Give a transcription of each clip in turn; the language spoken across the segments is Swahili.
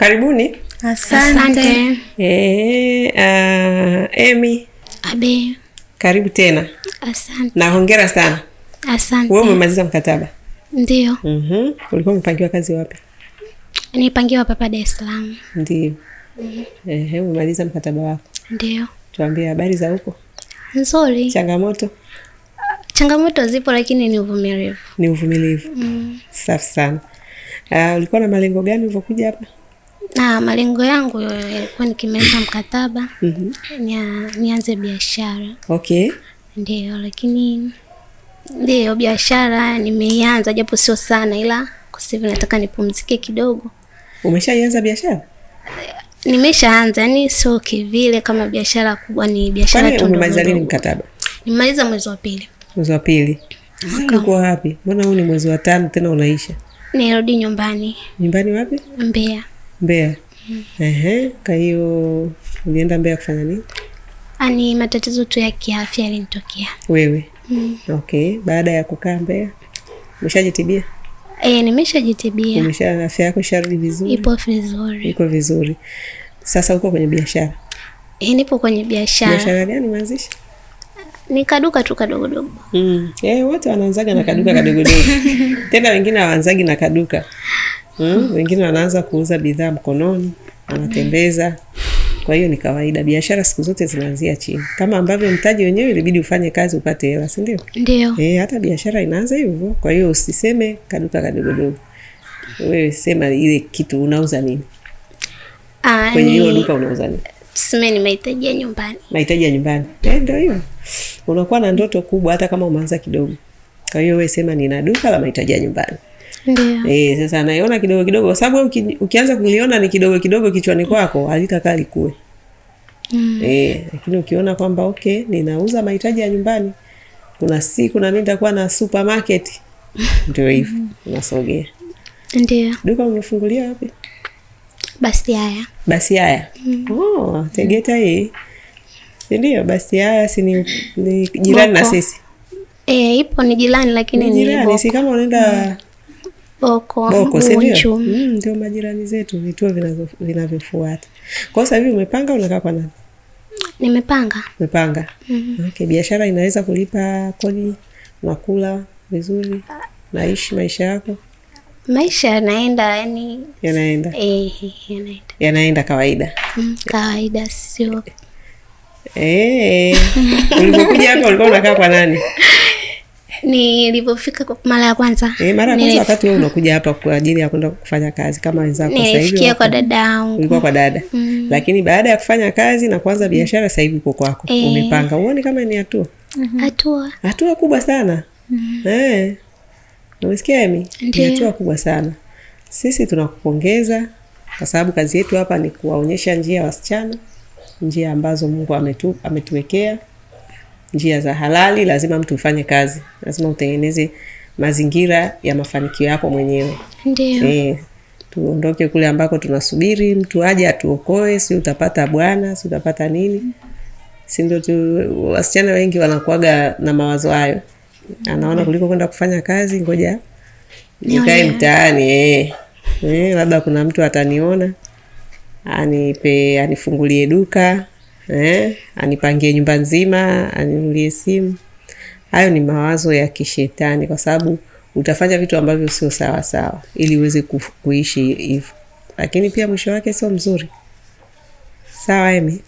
Karibuni. Asante. Eh, uh, eh, Emi. Abe. Karibu tena. Asante. Na hongera sana. Asante. Wewe umemaliza mkataba? Ndio. Mhm. Ulikuwa umepangiwa kazi wapi? Nilipangiwa hapa Dar es Salaam. Ndio. Mhm. Eh, umemaliza mkataba wako? Ndio. Tuambie habari za huko. Nzuri. Changamoto? Changamoto zipo lakini ni uvumilivu. Ni uvumilivu. Mm. Safi sana. Uh, ulikuwa na malengo gani ulipokuja hapa? Na malengo yangu yalikuwa nikimaliza mkataba mhm. nianze biashara. Okay. Ndio, lakini ndio biashara nimeianza japo sio sana, ila kwa sasa nataka nipumzike kidogo. Umeshaanza biashara? Nimeshaanza, yani sio kivile kama biashara kubwa, ni biashara tu. Umemaliza lini mkataba? Nimaliza mwezi wa pili. Mwezi wa pili. Ulikuwa wapi? Mbona huu ni mwezi wa tano tena unaisha? Nirudi nyumbani. Nyumbani wapi? Mbeya mbea mm. Ehe, kwa hiyo ulienda mbea kufanya nini? Ani ah, matatizo tu ya kiafya yalinitokea. Wewe? mm. Okay, baada ya kukaa mbea umeshajitibia? E, nimeshajitibia. Umesha afya yako isharudi vizuri? Ipo vizuri. Iko vizuri. Sasa uko kwenye biashara? E, nipo kwenye biashara. Biashara gani umeanzisha? Ni kaduka tu kadogodogo. mm. E, wote wanaanzaga na kaduka kadogodogo tena wengine hawaanzagi na kaduka mm, wengine wanaanza kuuza bidhaa mkononi, wanatembeza. Kwa hiyo ni kawaida, biashara siku zote zinaanzia chini, kama ambavyo mtaji wenyewe ilibidi ufanye kazi upate hela, si ndio? Ndio. Eh, hata biashara inaanza hivyo. Kwa hiyo usiseme kaduka kadogodogo, wewe sema ile kitu unauza nini ah, kwenye hilo duka, unauza nini? Tuseme ni mahitaji ya nyumbani, mahitaji ya nyumbani. Eh, ndio hiyo, unakuwa na ndoto kubwa hata kama umeanza kidogo. Kwa hiyo wewe sema nina duka la mahitaji ya nyumbani e, sasa naiona kidogo kidogo, kwa sababu uki, ukianza kuliona ni kidogo kidogo kichwani kwako halitakaa likue mm. e, lakini ukiona kwamba okay, ninauza mahitaji ya nyumbani, kuna siku mimi nitakuwa na supermarket ndio hivyo mm. unasogea. Ndio. Duka umefungulia wapi? Basi haya, basi haya mm. oh, Tegeta hii ndio basi haya, si ni jirani na sisi e, ipo ni jirani, lakini ni jirani, si kama unaenda mm. Boko, Boko sindio? Mm, ndio majirani zetu, vituo vinavyofuata. Kwa sasa hivi umepanga, unakaa kwa nani? Nimepanga. Umepanga? mm -hmm. Okay, biashara inaweza kulipa kodi, unakula vizuri, naishi maisha yako maisha yanaenda, yani yanaenda eh, yanaenda yanaenda kawaida mm, kawaida sio eh. eh. Ulipokuja hapa ulikuwa unakaa kwa nani? nilivyofika mara ya kwanza e, mara ya kwanza wakati wewe unakuja hapa kwa ajili ya kwenda kufanya kazi kama wenzako nilifikia kwa dada yangu ulikuwa kwa dada mm. lakini baada ya kufanya kazi na kuanza biashara sasa hivi uko kwako e. umepanga uone kama ni hatua mhm. hatua mm-hmm. hatua kubwa sana mm. -hmm. e. Eh. umesikia emi ni hatua kubwa sana sisi tunakupongeza kwa sababu kazi yetu hapa ni kuwaonyesha njia ya wasichana njia ambazo mungu ametu, ametuwekea njia za halali, lazima mtu ufanye kazi, lazima utengeneze mazingira ya mafanikio yako mwenyewe. Ndio e, tuondoke kule ambako tunasubiri mtu aje atuokoe, si utapata bwana, si utapata nini, si ndio? Tu wasichana wengi wanakuaga na mawazo hayo, anaona kuliko kwenda kufanya kazi, ngoja nikae mtaani eh, eh, labda kuna mtu ataniona anipe, anifungulie duka eh, anipangie nyumba nzima, aninulie simu. Hayo ni mawazo ya kishetani, kwa sababu utafanya vitu ambavyo sio sawa sawa ili uweze kuishi hivyo, lakini pia mwisho wake sio mzuri. Sawa Emi?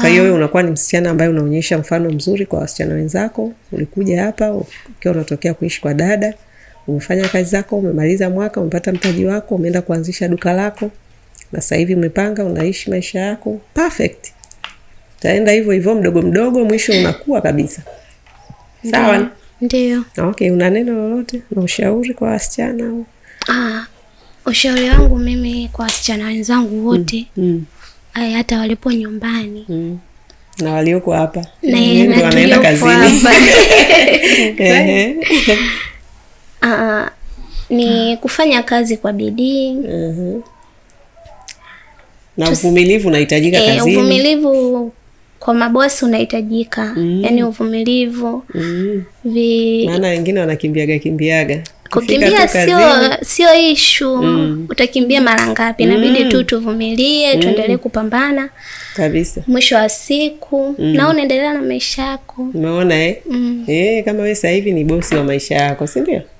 Kwa hiyo wewe unakuwa ni msichana ambaye unaonyesha mfano mzuri kwa wasichana wenzako. Ulikuja hapa ukiwa unatokea kuishi kwa dada, umefanya kazi zako, umemaliza mwaka, umepata mtaji wako, umeenda kuanzisha duka lako, na sasa hivi umepanga, unaishi maisha yako perfect taenda hivyo hivyo mdogo mdogo, mwisho unakuwa kabisa. Sawa, ndio. Okay, una neno lolote na ushauri kwa wasichana au? Ah, ushauri wangu mimi kwa wasichana wenzangu mm, wote mm. Mm. hata walipo nyumbani mm na walioko hapa ndio wanaenda kazini ah, ah, ni kufanya kazi kwa bidii uh -huh. na uvumilivu unahitajika eh, kazini. Uvumilivu kwa mabosi unahitajika mm. Yani uvumilivu mm. vi... maana wengine wanakimbiaga kimbiaga kukimbia sio sio ishu mm. utakimbia mara ngapi? Mm. Inabidi mm. tu tuvumilie, mm. tuendelee kupambana kabisa. Mwisho wa siku mm. na unaendelea na maisha yako, umeona eh? Mm. e, kama wewe sasa hivi ni bosi wa maisha yako, si ndio?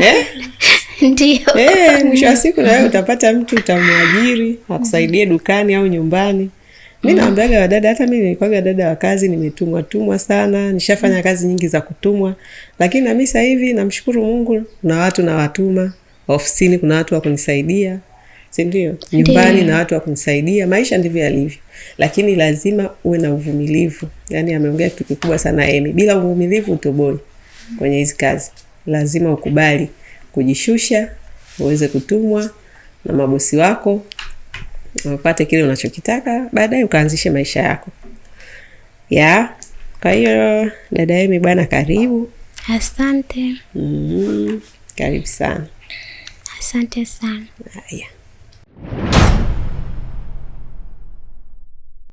Eh? eh? mwisho wa siku nawe utapata mtu utamwajiri akusaidie dukani au nyumbani mi mm. naambiaga wadada, hata mi nilikwaga dada wa kazi, nimetumwa tumwa sana, nishafanya mm. kazi nyingi za kutumwa, lakini nami sasa hivi namshukuru Mungu, kuna watu nawatuma ofisini, kuna watu wakunisaidia sindio Nyumbani na watu wakunisaidia Maisha ndivyo yalivyo, lakini lazima uwe na uvumilivu. Yani ameongea kitu kikubwa sana Emi, bila uvumilivu utoboi kwenye hizi kazi. Lazima ukubali kujishusha, uweze kutumwa na mabosi wako upate kile unachokitaka baadaye ukaanzishe maisha yako ya kwa hiyo dada Emi bwana, karibu. Asante. Mm, karibu sana. Asante sana. Haya.